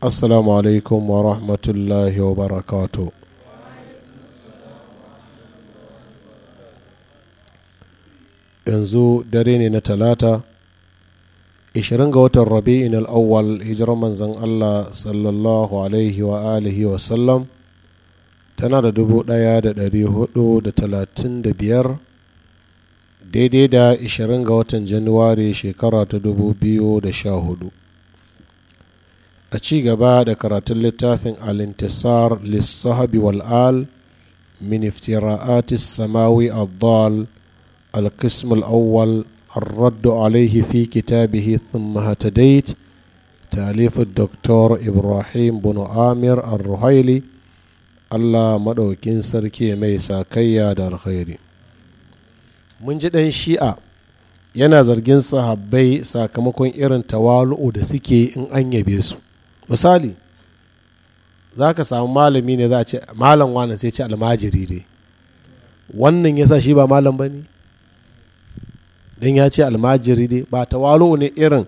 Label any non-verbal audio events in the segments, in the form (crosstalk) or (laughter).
assalamu alaikum wa rahmatullahi wa yanzu dare ne na talata 20 ga watan rabi'in al'awwal hijirar manzan allah sallallahu alaihi wa alihi wa sallam tana da dubu ɗaya da da da talatin da biyar daidai da 20 ga watan januwari shekara ta dubu biyu da sha hudu. a ci gaba da karatun littafin alintisar lissahabi wal'al min iftira artist samawi al-dal auwal kismul awwal alaihi fi kita bihi thumma hata date ibrahim bono amir al-ruhaili allah maɗaukin sarki mai sakayya da alkhairi mun ji ɗan shi'a yana zargin sahabbai sakamakon irin tawalu'u da suke in an yabe su misali za ka samu malami ne za a ce malam wani sai ce almajiri ne wannan ya sa shi ba malam ba ne don ya ce almajiri ne ba walo ne irin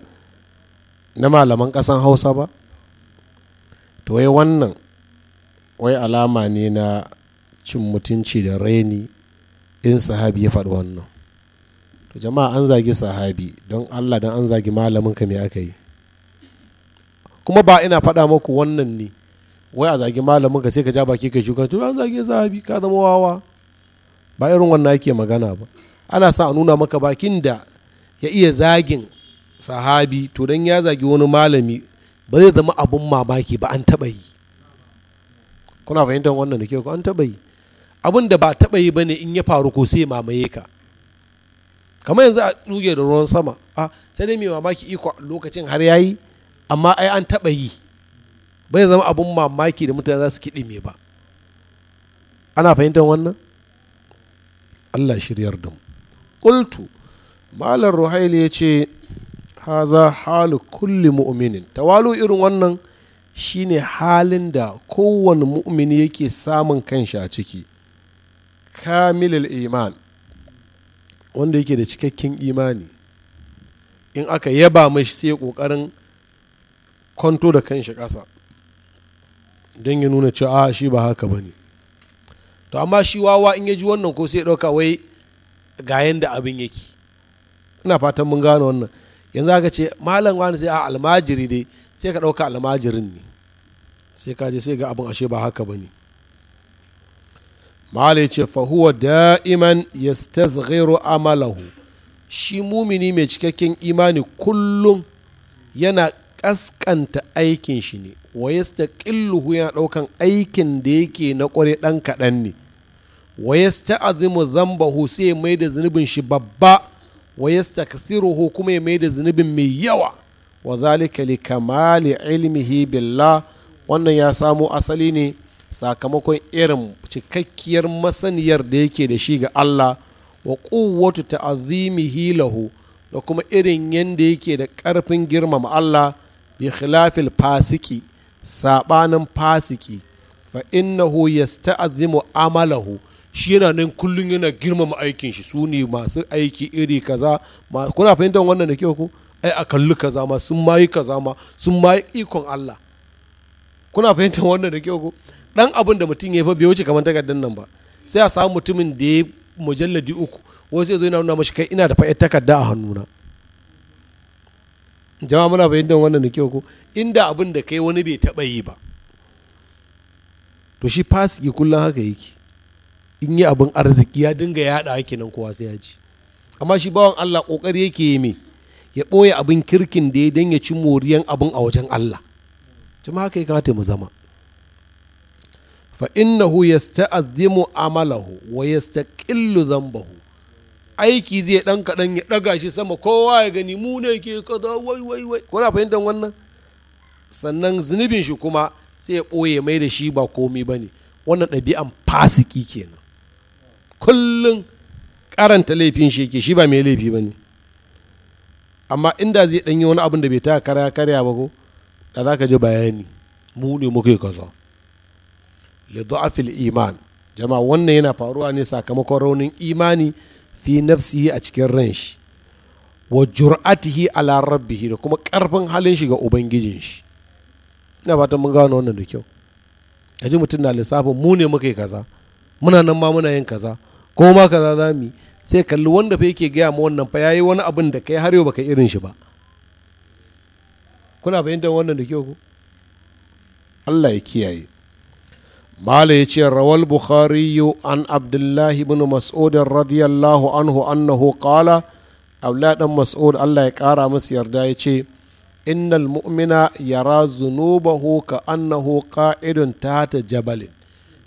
na malaman ƙasan hausa ba to wai wannan wai alama ne na cin mutunci da raini in sahabi ya faɗi wannan to jama'a an zagi sahabi don allah don an zagi malamin ka me aka yi kuma ba ina faɗa maku wannan ne wai a zagi malamin ka sai ka ja baki ka shuka to an zage sahabi ka zama wawa ba irin wannan yake magana ba ana sa a nuna maka bakin da ya iya zagin sahabi to dan ya zagi wani malami ba zai zama abun mamaki ba an taɓa yi kuna fahimtar wannan da ke ku an taɓa yi abin da ba taɓa yi ba ne in ya faru ko sai mamaye ka kamar yanzu a tsuge da ruwan sama a sai dai mai mamaki iko lokacin har yayi amma ai an taɓa yi bai zama abun mamaki da mutane za su kiɗi kiɗime ba ana fahimtar wannan allah shiryar da mu ƙultu malar ruhaili ya ce haza halu kulli mu'minin tawalu irin wannan shine halin da kowane mu'mini yake samun kanshi a ciki kamilil iman wanda yake da cikakken imani in aka yaba mashi sai ƙoƙarin kwanto da kanshi ƙasa don ya nuna cewa a shi ba haka ba ne to amma shi wawa in ya ji wannan ko sai ya ɗauka wai ga yadda abin yake ina fatan mun gane wannan yanzu aka ce malam wani sai a almajiri dai sai ka ɗauka almajirin ne sai ka je sai ga abin ashe ba haka ba ne malai ce fahuwa da'iman ya amalahu shi mumini mai cikakken imani kullum yana Ƙaskanta aikin shi ne wa yastaqilluhu yana ɗaukan aikin da yake na ƙware ɗan kaɗan ne wa azimu zambahu sai mai da zunubin shi babba wa kathiruhu kuma ya mai da zunubin mai yawa wa zalika li kamali ilmihi billah wannan ya samo asali ne sakamakon irin cikakkiyar masaniyar da yake da shi ga Allah wa ƙuwwatu ta'azimihi lahu da kuma irin yadda yake da ƙarfin girmama Allah bi khilafil fasiki sabanin fasiki fa innahu yasta'zimu amalahu shi yana nan kullum yana girmama aikin shi su ne masu aiki iri kaza kuna fahimtar wannan da kyau ko ai a kalli kaza ma sun mayi kaza ma sun mayi ikon Allah kuna fahimtar wannan da kyau ko dan abin da mutum ya fa bai wuce kamar takardar nan ba sai a samu mutumin da ya mujalladi uku wasu ya zo yana nuna mashi kai ina da fa'ir takarda a hannuna jama'a muna fahimtar wannan da kyau ko inda abin da kai wani bai taɓa yi ba to shi fasiki kullum haka yake in yi abin arziki ya dinga yaɗa hake nan kowa sai ya ji amma shi bawan Allah ƙoƙari yake yi me ya ɓoye abin kirkin da ya dan ya ci moriyan abin a wajen Allah jama'a haka ya kamata mu zama fa innahu yasta'azzimu amalahu wa yastaqillu dhanbahu aiki zai ɗan kaɗan ya ɗaga shi sama kowa ya gani mu ne ke kaza wai wai wai kuna fahimtar wannan sannan zunubin shi kuma sai ya ɓoye mai da shi ba komi ba ne wannan ɗabi'an fasiki kenan kullum karanta laifin shi yake shi ba mai laifi ba ne amma inda zai ɗanyi wani abin da bai ta karya karya ba ko da za ka ji bayani mu ne muka yi kaza li iman jama'a wannan yana faruwa ne sakamakon raunin imani fi nafsihi a cikin ran shi wa jur'atihi ala rabbihi da kuma karfin halin shi ga ubangijin shi ina fatan mun gano wannan da kyau kaji mutum na lissafin mu ne muka yi kaza muna nan ma muna yin kaza kuma ma kaza za mu sai kalli wanda fa yake gaya ma wannan fa yi wani abin da kai har yau baka irin shi ba kuna fahimtar wannan da kyau ko Allah ya kiyaye mala ya ce rawar bukhari an abdullahi bin mas'udin radiyallahu anhu annahu qala abdullahi dan mas'ud allah ya kara masa yarda ya ce innal mu'mina yara zunubahu ka annahu qa'idun tahta jabalin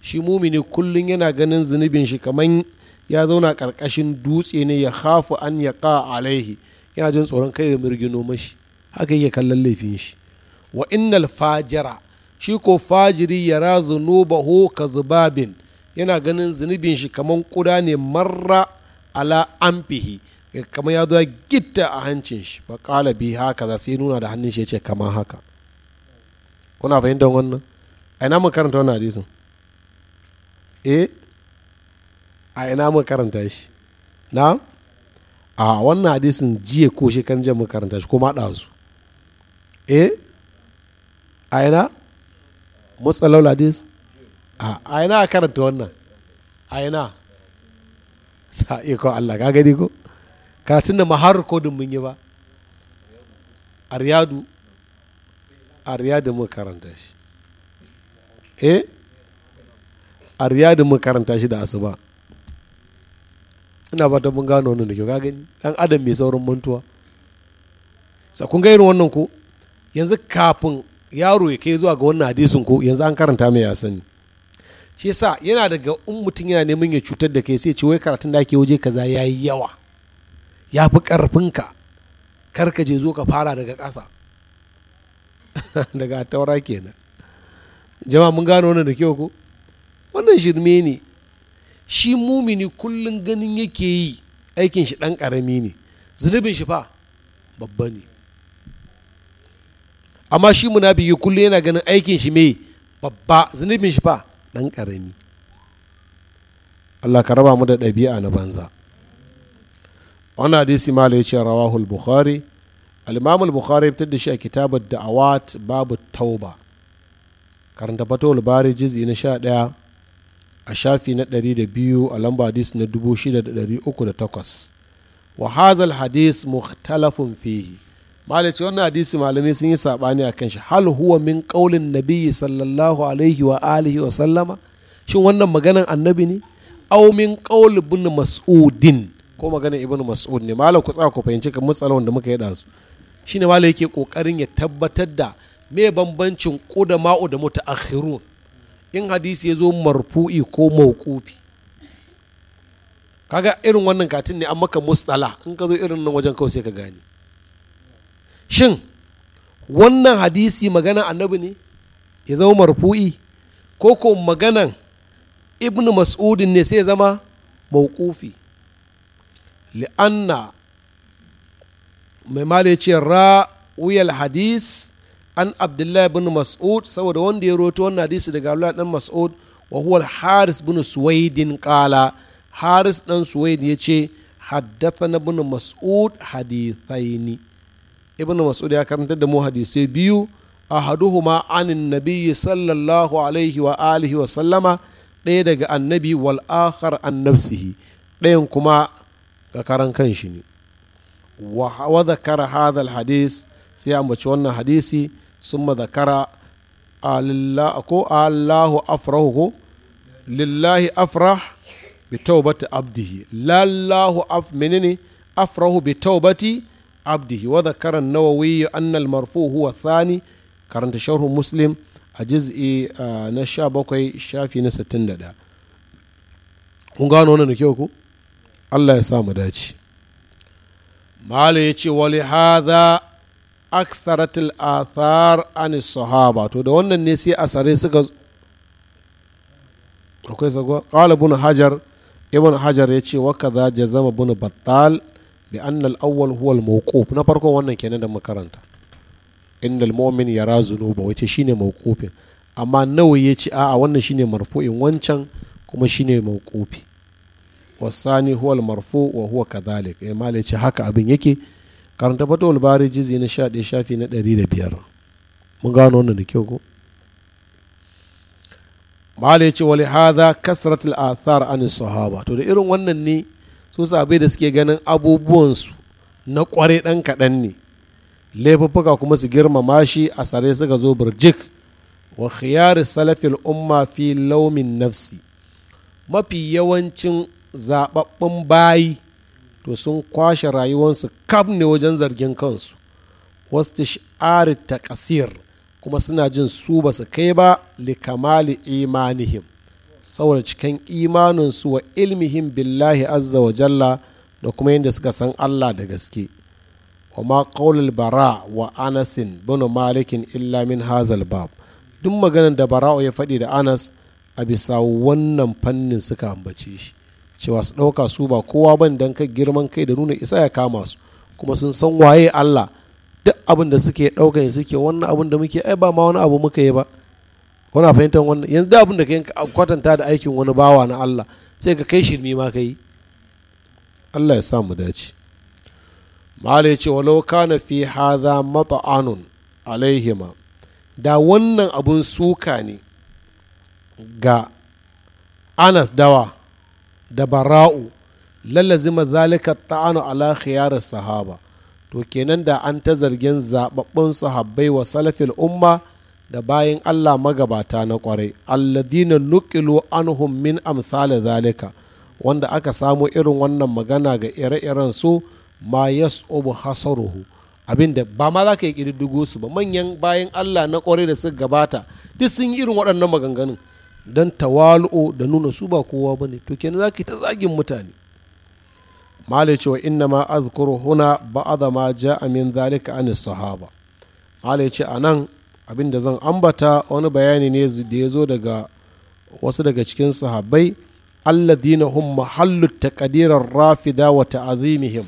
shi mumini kullum yana ganin zunubin shi kamar ya zauna ƙarƙashin dutse ne ya hafu an ya ƙa alaihi yana jin tsoron kai da mirgino mashi haka yake kallon laifin shi wa innal fajira shi ko fajiri yara ho ka zubabin yana ganin zunubin shi kamar kuda ne marra ala amfihi kamar ya zo gitta a hancin shi ba kala bi haka za sai nuna da hannun shi ya ce kamar haka kuna fahimtar wannan a ina mu karanta wannan hadisin eh a ina mu karanta shi na a wannan hadisin jiya ko shi kan jiya mu karanta shi kuma ɗazu eh a ina matsalau ladis a ina a karanta wannan a ina ta iko Allah ka gani ko karatun da mahar kodin mun yi ba a riyadu a riyadu mun karanta shi eh a riyadu mun karanta shi da asuba ina ba ta mun gano wannan da kyau ka gani dan adam mai saurin mantuwa sa kun ga irin wannan ko yanzu kafin yaro ya kai zuwa ga wannan hadisin ko yanzu an karanta mai ya sani shi yasa yana daga in mutum yana neman ya cutar da kai sai ce wai karatun da ake waje kaza ya yi yawa ya fi ƙarfinka kar ka je zo ka fara daga ƙasa (laughs) daga taura kenan jama'a mun gano wannan da kyau ko wannan shirme ne shi mumini kullum ganin yake yi aikin shi ɗan ƙarami ne zunubin shi fa babba ne amma shi munafiki kullum yana ganin aikin shi mai babba zunubin shi fa ɗan ƙarami Allah ka raba mu da ɗabi'a na banza wani hadisi mala ya ce rawahul bukhari al buhari bukhari fitar da shi a kitabar da'awat babu tauba karanta fatowar bari jizi na sha ɗaya a shafi na ɗari da biyu a lamba hadis na dubu shida da ɗari uku da takwas wa hadis mukhtalafun fihi malaci wannan hadisi malamai sun yi saɓani a kan shi hal huwa min qaulin nabiyyi sallallahu alaihi wa alihi wa sallama shin wannan maganan annabi ne aw min qaul ibn mas'udin ko maganan ibn mas'ud ne malam ku tsaka ku fahimci kan matsalolin da muka yi da su shine malam yake kokarin ya tabbatar da me bambancin qudama'u da muta'akhirun in hadisi ya zo marfu'i ko mawqufi kaga irin wannan katin ne an maka mustala in ka zo irin nan wajen kawai sai ka gane shin wannan hadisi magana annabi ne ya zama marfu'i ko ko maganan ibn mas'udin ne sai zama mawqufi li'anna mai male ce ra'uyal hadis an abdullahi bin mas'ud saboda wanda ya roto wannan hadisi daga abdullahi ibn mas'ud wa huwa haris bin suwaidin kala haris dan suwaid ya ce haddathana bin mas'ud hadithaini ibn mas'ud ya karantar da mu hadisai biyu ahaduhuma anin nabiyyi sallallahu alaihi wa alihi wa sallama ɗaya daga annabi wal akhar an nafsihi ɗayan kuma ga karan kanshi ne wa zakara hadha hadis sai ambaci wannan hadisi summa zakara alillahi ko Allahu afrahu ko lillahi afrah bi taubati abdihi lallahu af menene afrahu bi taubati abdihi wa dhakara an-nawawi anna marfu huwa thani karanta sharhu muslim a juz'i na 17 shafi na 61 kun gano wannan da kyau ku Allah ya sa mu dace mala yace wali hadha aktharat al-athar an sahaba to da wannan ne sai asare suka akwai sagwa qala ibn hajar ibn hajar ya ce wa kaza jazama ibn battal bi annal awwal huwal mawquf na farko wannan kenan da makaranta innal mu'min yara zunuba wace shine mawqufin amma nawa ya ci a'a wannan shine marfu'in wancan kuma shine mawqufi wasani huwal marfu wa huwa kadhalik eh mal ce haka abin yake karanta fatul bari jizi na 11 shafi na 105 mun gano wannan da kyau ko mal ce wali hadha kasratul athar an sahaba to da irin wannan ne su sabai da suke ganin abubuwansu na kware ɗan kaɗan ne laifuffuka kuma su girmama shi a sare suka zo birjik wa khiyari salafil umma fi laumin nafsi mafi yawancin zaɓaɓɓun bayi to sun kwashe rayuwarsu kaf ne wajen zargin kansu wasu shi'ari ta kasir kuma suna jin su ba su kai ba li kamali imanihim saboda cikin imaninsu wa ilmihin billahi azza wa jalla da kuma yadda suka san Allah da gaske wa ma qaulul bara wa anasin bin malikin illa min hazal bab duk maganar da bara'u ya faɗi da anas a bisa wannan fannin suka ambace shi cewa su ɗauka su ba kowa ban dan kai girman kai da nuna isa ya kama su kuma sun san waye Allah duk abin da suke ɗaukan suke wannan abin da muke ai ba ma wani abu muka yi ba kuna fahimtar wannan yanzu da abin da ka kwatanta da aikin wani bawa na Allah sai ka kai shirmi ma ka yi Allah ya sa mu dace mala ya ce walau kana fi hadha mata'anun alaihima da wannan abun suka ne ga anas dawa da bara'u lallazima zalika ta'anu ala khiyar sahaba to kenan da an ta zargin zababbun sahabbai wa salafil umma da bayan Allah magabata na kwarai alladina nukilo anhum min amsali zalika wanda aka samu irin wannan magana ga ire-iren su ma yas'ubu hasaruhu abinda ba ma za ka yi ƙididdigo su ba manyan bayan Allah na kwarai da suka gabata duk sun yi irin waɗannan maganganun don tawalu'u da nuna su ba kowa ba ne to kenan za ka yi ta zagin mutane malai cewa inna ma azkuru huna ba'ada ma ja'a min zalika anis sahaba malai ce nan. abin da zan ambata wani bayani ne da ya zo daga wasu daga cikin sahabbai alladina hum mahallu taqdirar rafida wa ta'azimihim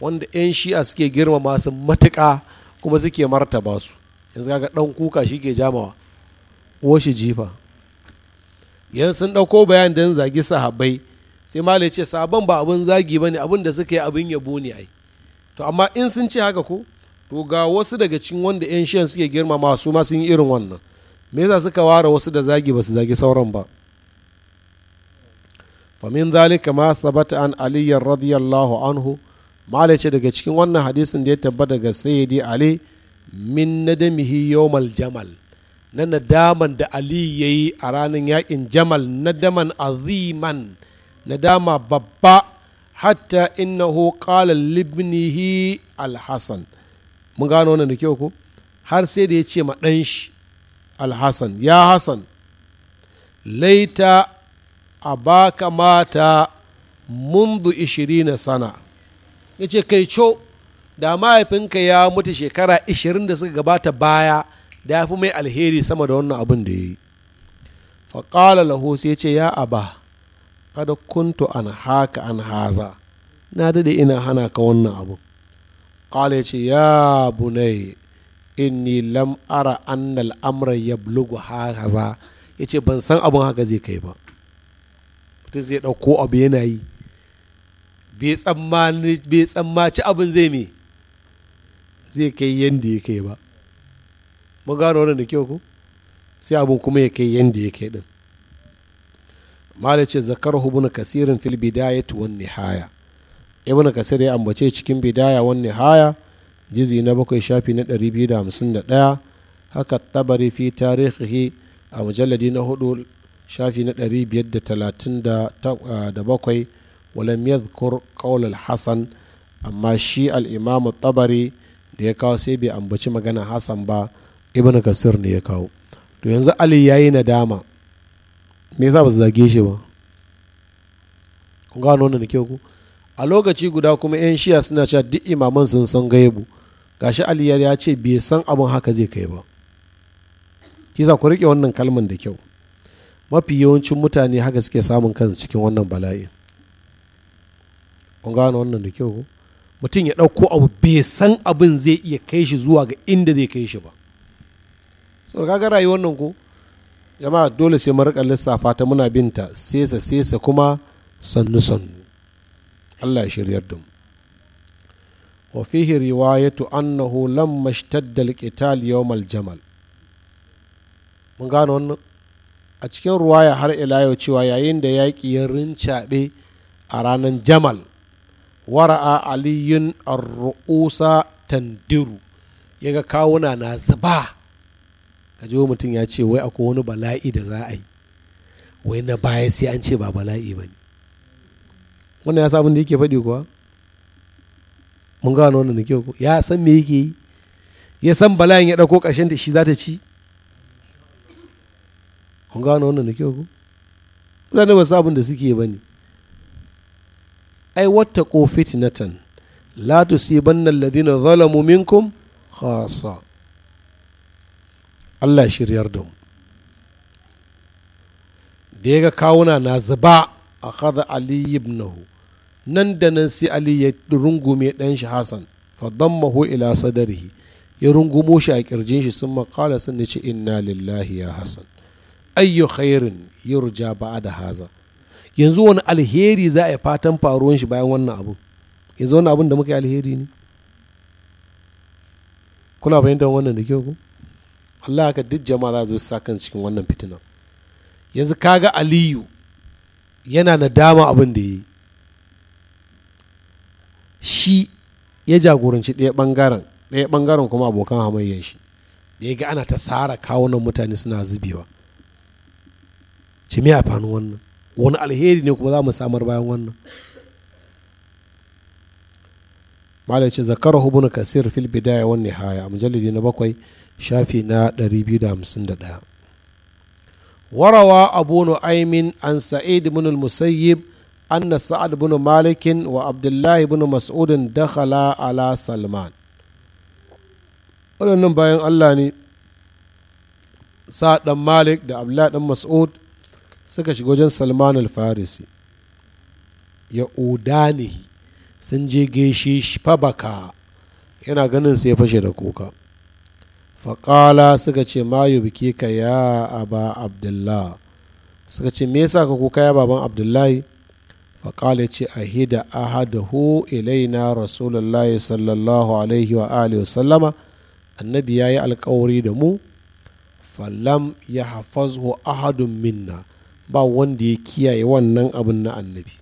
wanda 'yan shi'a suke girmama su matuka kuma suke martaba su yanzu kaga ɗan kuka shi ke jamawa uwar jifa yan sun ɗauko bayan dan zagi sahabbai sai malai ce sabon ba abin zagi ba ne abin da suka yi abin yabo ne ai to amma in sun ce haka ko to ga wasu daga cikin wanda 'yan shiyan suke girma masu ma sun yi irin wannan me yasa suka ware wasu da zagi ba su zagi sauran ba famin zalika ma sabata an aliyyar radiyallahu anhu malai ce daga cikin wannan hadisin da ya tabbata daga sayyidi ali min nadamihi yawmal jamal na nadaman da ali ya yi a ranar yakin jamal nadaman aziman nadama babba hatta innahu qala libnihi alhasan mun gano wannan da kyau ko har sai da ya ce ma ɗan shi alhassan ya hassan laita a ka mata mundu na sana ya ce kai co da mahaifinka ya mutu shekara ishirin da suka gabata baya da ya fi mai alheri sama da wannan abin da ya yi faƙala lahu ya ce ya aba kada kuntu an haka an haza na dade ina hana ka wannan abin qala yace ya bunay inni lam ara anna al-amra yablughu yace ban san abun haka zai kai ba mutum abu yana yi bai tsammaci abin zai me zai kai yadda ya kai ba mun gano wannan da kyau ko sai abin kuma ya kai yadda ya kai din mala ce zakar hubuna kasirin fil bidayat wan nihaya ibn kasir ya ambace cikin bidaya wan nihaya jizi na bakwai shafi na ɗari biyu da da hamsin ɗaya haka tabari fi tarihi a mujalladi na hudu shafi na ɗari biyar da talatin da walam yadhkur qawl al-hasan amma shi al'imamu tabari da ya kawo sai bai ambaci magana hasan ba ibn kasir ne ya kawo to yanzu ali ya yi nadama me yasa ba su zage shi ba kun gano wannan da kyau ku a lokaci guda kuma 'yan shiya suna cewa duk imaman sun san gaibu gashi aliyar ya ce bai san abin haka zai kai ba kisa ku riƙe wannan kalman da kyau mafi yawancin mutane haka suke samun kansu cikin wannan bala'i kun gano wannan da kyau ku mutum ya ɗauko abu bai san abin zai iya kai shi zuwa ga inda zai kai shi ba sau kaga rayuwar nan ko jama'a dole sai mu rika lissafa ta muna binta sesa sesa kuma sannu sannu Allah shiryar da mu wa fihi riwayatu annahu lamma ishtadda al-qital yawm al-jamal mun gano wannan a cikin ruwaya har ila yau cewa yayin da yaƙi ya rincaɓe a ranar jamal wara'a aliyun arru'usa tandiru ya ga kawuna na zuba ka ji mutum ya ce wai akwai wani bala'i da za a yi wai na baya sai an ce ba bala'i ba ne wannan ya samun da yake faɗi kuwa mun gano wannan da kyau ko ya san me yake yi ya san bala'in ya ɗauko ƙarshen ta shi za ta ci mun gano wannan da kyau ko mutane ba su abin da suke ba ne ai wata ko fitinatan la tusibanna alladhina zalamu minkum haasa Allah shiryar da mu da ya ga kawuna na zuba a kada Ali ibnahu nan da nan sai ali ya rungume ɗan shi hassan fadammahu ila sadarihi ya rungumo shi a kirjin shi sun makala sun ce inna lillahi ya hassan ayyu khairin yurja ba'a da haza yanzu wani alheri za a yi fatan faruwan shi bayan wannan abun yanzu wannan abun da muka yi alheri ne kuna fahimtar wannan da kyau ku Allah ka duk jama'a za su sa kan cikin wannan fitina yanzu kaga aliyu yana nadama abin da ya yi shi ya jagoranci ɗaya ɓangaren ɗaya ɓangaren kuma abokan hamayyar shi da ya ga ana ta sara kawunan mutane suna zubewa ci me wannan wani alheri ne kuma za mu samar bayan wannan malam ce zakar na kasir fil bidaya wani haya a mujallidi na bakwai shafi na 251 warawa abu aimin an sa'id ibn al-musayyib anna sa'ad bin malikin wa abdullahi bin mas'udin dakhala ala salman waɗannan bayan allah ne sa'ad ɗan malik da abdullahi ɗan mas'ud suka shiga wajen salman al-farisi ya udanihi sun je gaishe shi fabaka yana ganin sai ya fashe da kuka faƙala suka ce mayu biki ka ya aba suka ce me yasa ka kuka ya baban abdullahi faƙala ce a hida ahadahu ilaina rasulullahi sallallahu alaihi wa alihi wasallama annabi ya yi alkawari da mu falam ya hafazhu ahadun minna ba wanda ya kiyaye wannan abin na annabi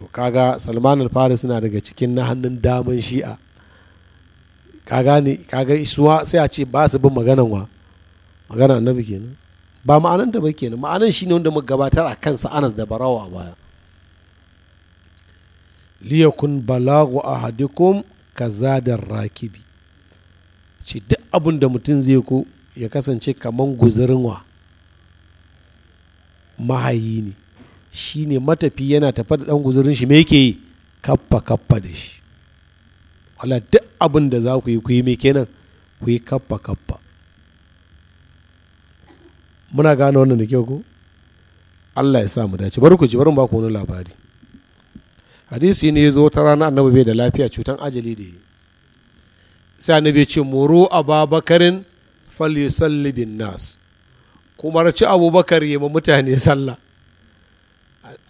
to kaga salman al-faris na daga cikin na hannun daman shi'a kaga ne kaga isuwa sai a ce ba su bin maganan wa magana annabi kenan ba ma'anan da ba kenan ma'anan ne wanda mu gabatar a kansa anas da barawa a baya liyakun balagu a ka kazadar rakibi ce duk abin da mutum zai ko ya kasance kamar guzurinwa mahayi ne shi ne matafi yana tafa da ɗan guzurin shi me yake yi kaffa kaffa da shi wala duk abin da za ku yi ku yi me kenan ku yi kaffa kaffa muna gane wannan da kyau ko allah ya sa mu dace bari ku ji bari ba ku wani labari hadisi ne ya zo ta rana annabi bai da lafiya cutan ajali da yi sai annabi ya ce moro a babakarin yusalli bin nas ci abubakar yi ma mutane sallah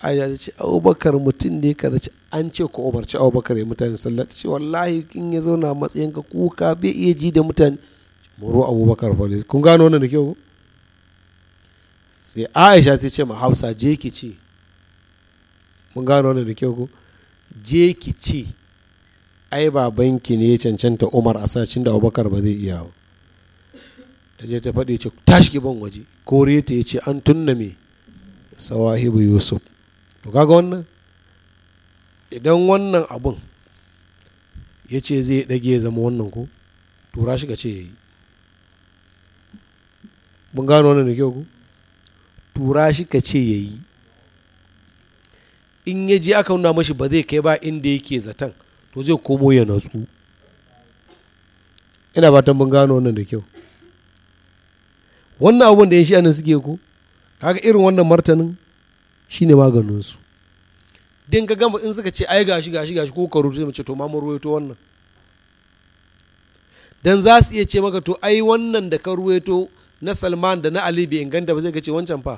aisha ce abubakar mutum ne ka zace an ce ku umarci abubakar ya mutane sallah ta ce wallahi in ya zauna matsayin ka kuka bai iya ji da mutane moro abubakar fa kun gano wannan da kyau sai aisha sai ce ma hausa je ki ci mun gano wannan da kyau ko je ki ci ai babanki ne ya cancanta umar a sacin da abubakar ba zai iya ta je ta faɗi ce tashi ki ban waje kore ta ya ce an tunna me sawahibu yusuf to kaga wannan idan wannan abun ya ce zai ɗage ya zama wannan ko tura shi ka ce ya yi mun gano wannan da kyau ku tura shi ka ce ya yi in ya je aka nuna mashi ba zai kai ba inda yake zaton to zai komo ya natsu ina fatan mun gano wannan da kyau wannan abubuwan da ya shi anan suke ko kaga irin wannan martanin ne maganinsu din ka gama in suka ce ai gashi gashi gashi ko ka rubuta mace to ma mu ruwaito wannan dan za su iya ce maka to ai wannan da ka ruwaito na salman da na alibi bai inganta ba zai ce wancan fa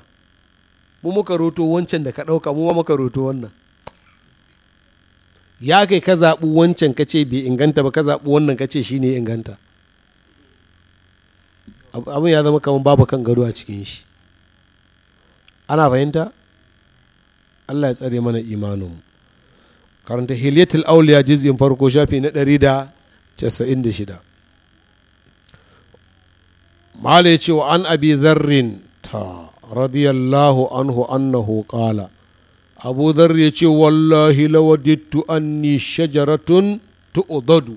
mu muka roto wancan da ka ɗauka mu ma muka roto wannan ya kai ka zaɓi wancan ka ce bai inganta ba ka zaɓi wannan ka ce shi ne inganta abin ya zama kamar babu kan gado a cikin shi ana fahimta allah ya tsare mana mu karanta hiliyatul auliya jizgin farko shafi na 196 mala ya ce wa an abi zarrin ta radiyallahu anhu annahu kala abu zarri ya ce wallahi lawadittu anni shajaratun tu'udadu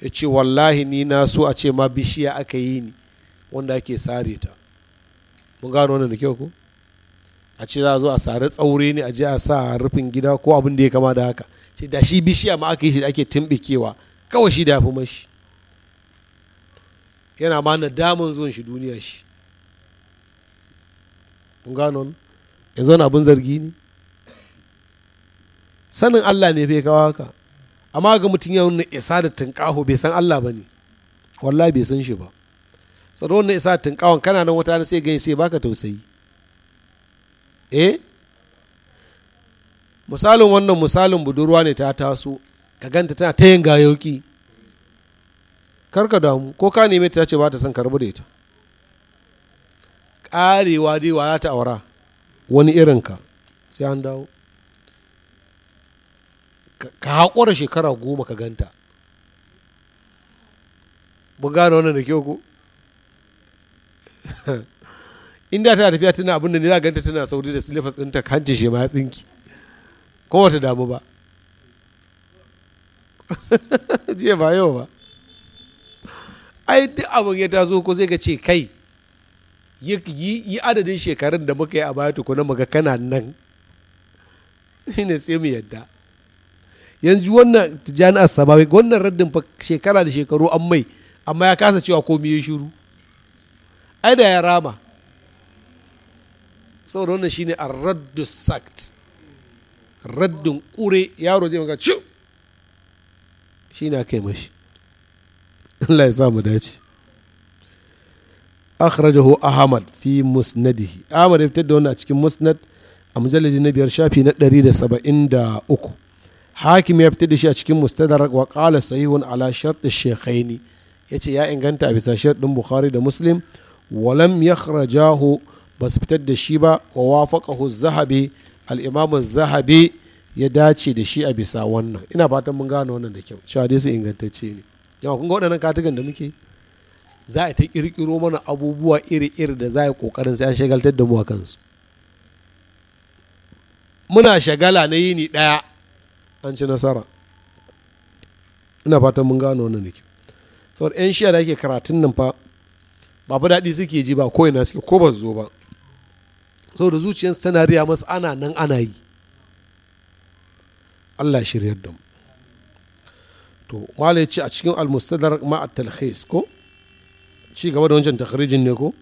ya ce wallahi ni na so a ce ma bishiya aka yi ni wanda ake sare ta mun gano wannan da kyau ko a ce za a zo a sare tsaure ne a je a sa rufin gida ko abin da ya kama da haka ce da shi bishiya ma aka yi shi da ake timbikewa kawai shi da ya fi mashi yana ma nadaman zuwan shi duniya shi Mun gano yanzu wani abin zargi ne sanin allah ne bai kawo haka amma ga mutum ya na isa da tunƙaho bai san allah ba ne wallahi bai san shi ba tsaro na isa tunkahon kana nan wata sai gani sai baka tausayi eh misalin wannan misalin budurwa ne ta taso ka ganta tana ta yin gayauki kar ka damu ko ka neme ta ce ba ta son ka rabu da ita karewa dai wa ta aura wani irin ka sai an dawo ka haƙura shekara goma ka ganta bu gane wannan da kyau ko (laughs) inda tana tafiya tana abin da ne za ganta tana saudi da silifas ɗinta hanci shi ma ya tsinki ko wata damu ba (laughs) jiya ba yau ba ai duk abin ya taso ko sai ka ce kai yi adadin shekarun da muka yi a baya tukuna maka kana nan ne sai mu yadda yanzu wannan tijani asabawi wannan raddin fa shekara da shekaru an mai amma ya kasa cewa komi ya shiru ai da ya rama saboda wannan shine a raddu sakt raddin kure yaro zai maka ciu na kai mashi Allah ya sa mu dace akhrajahu ahmad fi musnadihi ahmad ya fitar da wannan a cikin musnad a mujalladi na biyar shafi na 173 hakim ya fitar da shi a cikin mustadar wa qala sahihun ala shart ash-shaykhaini yace ya inganta a bisa shartin bukhari da muslim wa lam yakhrajahu bas fitar da shi ba wa wafaqahu az-zahabi al-imam az-zahabi ya dace da shi a bisa wannan ina fatan mun gane wannan da kyau cewa hadisi ingantacce ne yawa kun ga waɗannan katukan da muke za a ta ƙirƙiro mana abubuwa iri-iri da za a yi ƙoƙarin sai an shagaltar da mu a kansu muna shagala na yini ɗaya an ci nasara ina fatan mun gano wannan da kyau saboda 'yan shiya da ake karatun nan fa ba fa daɗi suke ji ba ko ina suke ko ba zo ba saboda zuciyarsu tana riya masu ana nan ana yi Allah shiryar da mu to mala ya ce a cikin almustadar ma'a talhis ko ci gaba da wancan takharijin ne ko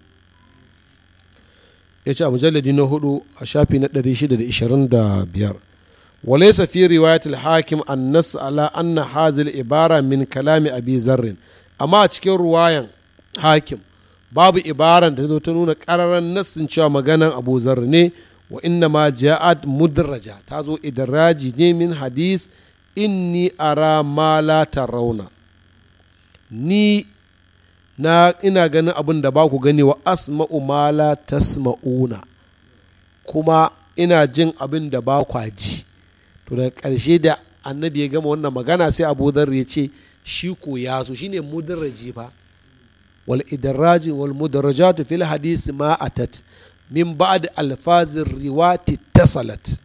ya ce a mujalladi na hudu a shafi na 625 wale fi riwayatul hakim annas ala anna hazil ibara min kalami abi zarrin amma a cikin ruwayan hakim babu ibaran da ta nuna ƙararren nassin cewa maganan abu zarri ne wa inna ma ja'ad mudraja ta zo idaraji ne min hadis inni ara ma la rauna ni na ina ganin abin da ba ku gani wa asma'u ma tasma'una kuma ina jin abin da ba kwa ji to daga ƙarshe da annabi ya gama wannan magana sai abu ya ce shi ko ya so shine mudarraji fa wal idraji wal mudarajatu fil hadisi ma atat min ba'd alfazir riwati tasalat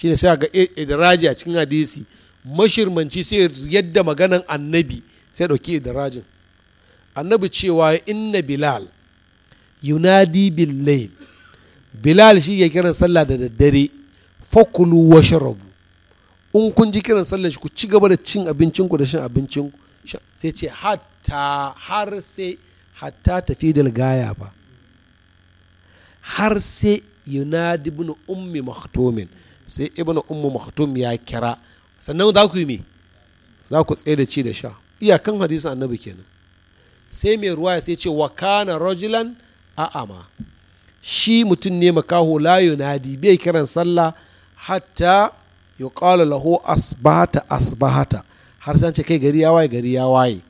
shi ne sai ga Idiraji a cikin hadisi mashirmanci sai yadda maganan annabi sai ɗauki Idirajin annabi cewa inna bilal yunadi billail bilal shi ke kiran sallah da daddare fakulu wa sharabu in kun ji kiran sallah ku ci gaba da cin abincinku da shan abincinku sai ce hatta har sai hatta tafi gaya ba har sai yunadi bin ummi maktumin sai ibnu ummu maktum ya kira sannan za ku yi me za ku tsaye da ci da sha iyakan hadisin annabi kenan sai mai ruwa sai ce wa kana rajulan a'ama shi mutum ne makaho la yunadi bai kiran sallah hatta yuqala lahu asbahata asbahata har san ce kai gari ya waye gari ya waye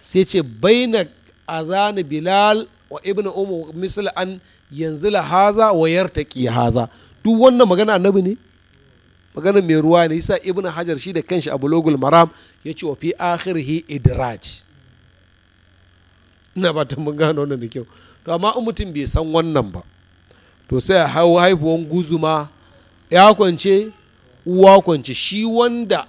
sai ce baina azan bilal wa ibnu umu misal an yanzu haza wa yartaqi haza duk wannan magana annabi ne magana mai ruwa ne yasa Ibn hajar shi da kanshi a bulogul maram ya ce wa fi akhirhi idraj ina ba ta mun gano wannan da kyau to amma in mutum bai san wannan ba to sai a hau haifuwan guzuma ya kwance uwa kwance shi wanda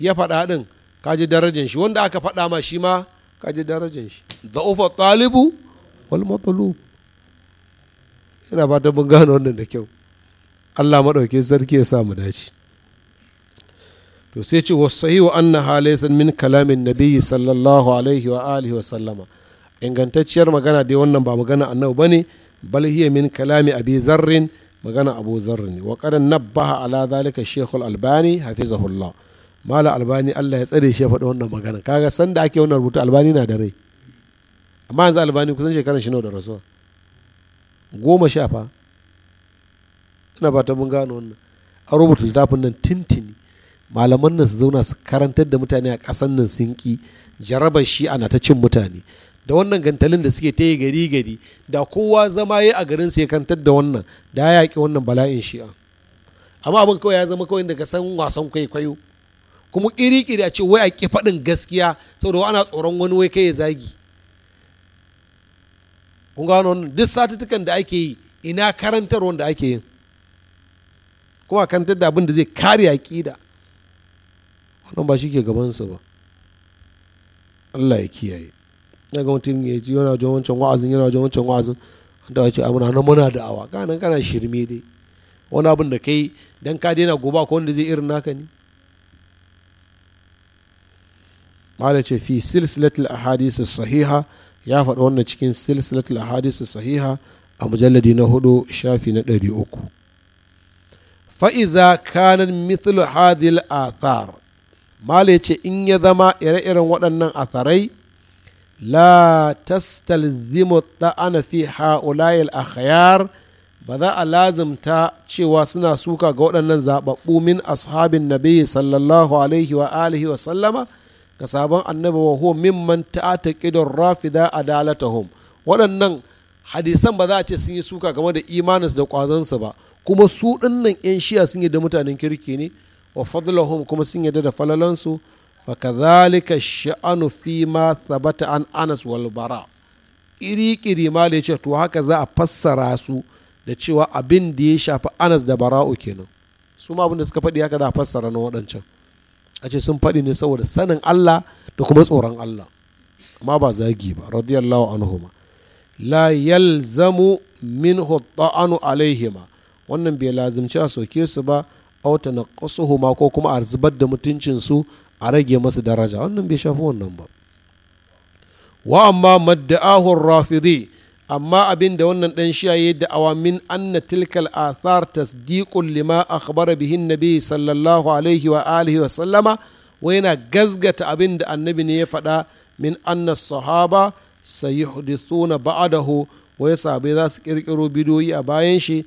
ya faɗa ɗin kaji darajar shi wanda aka faɗa ma shi ma kaji darajar shi da ufa talibu wal matsalub ina ba ta mun gano wannan da kyau Allah maɗauki sarki ya sa mu dace to sai ce wa sahihu anna halaysan min kalamin nabiyyi sallallahu alaihi wa alihi wa sallama ingantacciyar magana dai wannan ba magana annabi bane bal hiya min kalami abi zarrin magana abu zarrin wa qad nabbaha ala zalika shaykhul albani hafizahullah mala albani Allah ya tsare shi ya faɗi wannan magana kaga san da ake wannan rubutu albani na da rai amma yanzu albani kusan shekaran shi nawa da rasuwa goma sha fa ina ba ta mun gano wannan a rubuta littafin nan tintini malaman nan su zauna su karantar da mutane a ƙasan nan sun ki jarabar shi ana ta cin mutane da wannan gantalin da suke ta yi gari gari da kowa zama ya a garin su ya kantar da wannan da ya yaƙi wannan bala'in shi'a amma abin kawai ya zama kawai daga san wasan kwaikwayo kuma ƙiri-ƙiri a ce wai a ƙi faɗin gaskiya saboda ana tsoron wani wai kai ya zagi kun gano wannan duk satuttukan da ake yi ina karantar wanda ake yin kuma karantar da abin da zai kare aƙida wannan ba shi ke gabansa ba allah ya kiyaye na ga mutum ya ji yana jan wancan wa'azin yana jan wancan wa'azin an da ce amina nan muna da'awa kanan kana shirme dai wani abin da kai dan ka daina gobe ko wanda zai irin naka ne mala ce fi silsilatul ahadis sahiha ya faɗi wannan cikin silsilatul ahadis sahiha a mujalladi na hudu shafi na ɗari uku fa'iza kanan mithlu hadhihi al-athar mala ce in ya zama ire-iren waɗannan atharai la tastalzimu ta'ana fi ha'ulayil akhyar ba za a lazimta cewa suna suka ga waɗannan zaɓaɓɓu min ashabin nabi sallallahu alaihi wa alihi wa sallama ga sabon annabi wa huwa mimman ta'ata qidar rafida adalatahum waɗannan hadisan ba za a ce sun yi suka game da imaninsu da ƙwazonsu ba kuma su ɗinnan 'yan shiya sun yi da mutanen kirki ne wa fadlahum kuma sun yarda da falalansu fa kadhalika sha'anu fi ma thabata an Anas wal Bara iri-kiri ma ce to haka za a fassara su da cewa abin da ya shafi Anas da Bara'u kenan su ma abin da suka faɗi haka za a fassara na waɗancan a ce sun faɗi ne saboda sanin Allah da kuma tsoron Allah amma ba zagi ba radiyallahu anhuma la yalzamu minhu ta'anu alaihima wannan bai lazimci a soke su ba au ta ma ko kuma a zubar da mutuncinsu a rage masu daraja wannan bai shafi wannan ba wa amma madda'ahu rafidi amma abin da wannan dan shiyaye da awamin anna tilkal athar tasdiqun lima akhbara bihin nabi sallallahu alaihi wa alihi wa sallama wa yana gazgata abin da annabi ne ya faɗa min anna sahaba sayuhdithuna ba'dahu wa ya sabai za su kirkiro bidoyi a bayan shi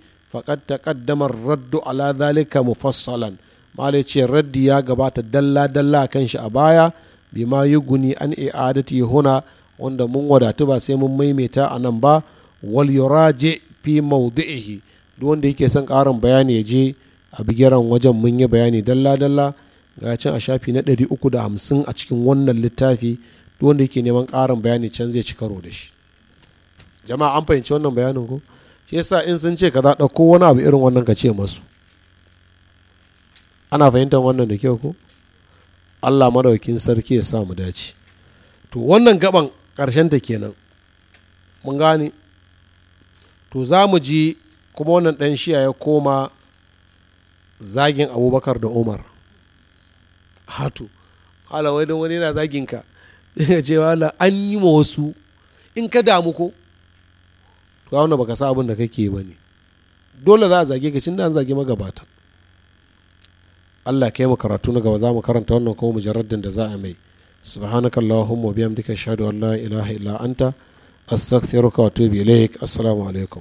ta ƙaddamar raddu ala zalika mufassalan malai ce raddi ya gabata dalla dalla kan shi a baya bima guni an i'adati huna wanda mun wadatu ba sai mun maimaita a nan ba wal yuraji fi mawdi'ihi duk wanda yake son ƙarin bayani ya je a bigiran wajen mun yi bayani dalla dalla ga can a shafi na da hamsin a cikin wannan littafi duk wanda yake neman ƙarin bayani can zai ci karo da shi jama'a an fahimci wannan bayanin ko shi yasa in sun ce ka za ɗauko wani abu irin wannan ka ce masu ana fahimtar wannan da kyau ko allah madaukin sarki ya sa mu dace to wannan gaban ƙarshen ta kenan mun gane to za mu ji kuma wannan ɗan shiya ya koma zagin abubakar da umar hatu ala wani wani yana zaginka (laughs) ka ce an yi ma wasu in ka damu ko to ba baka sa abin da kake ba ne dole za a zage ka da an zage magabata Allah kai mu karatu na gaba za mu karanta wannan mu mujarradin da za a mai subhanaka allahumma bihamdika ashhadu an la ilaha illa anta astaghfiruka wa atubu ilaik assalamu alaikum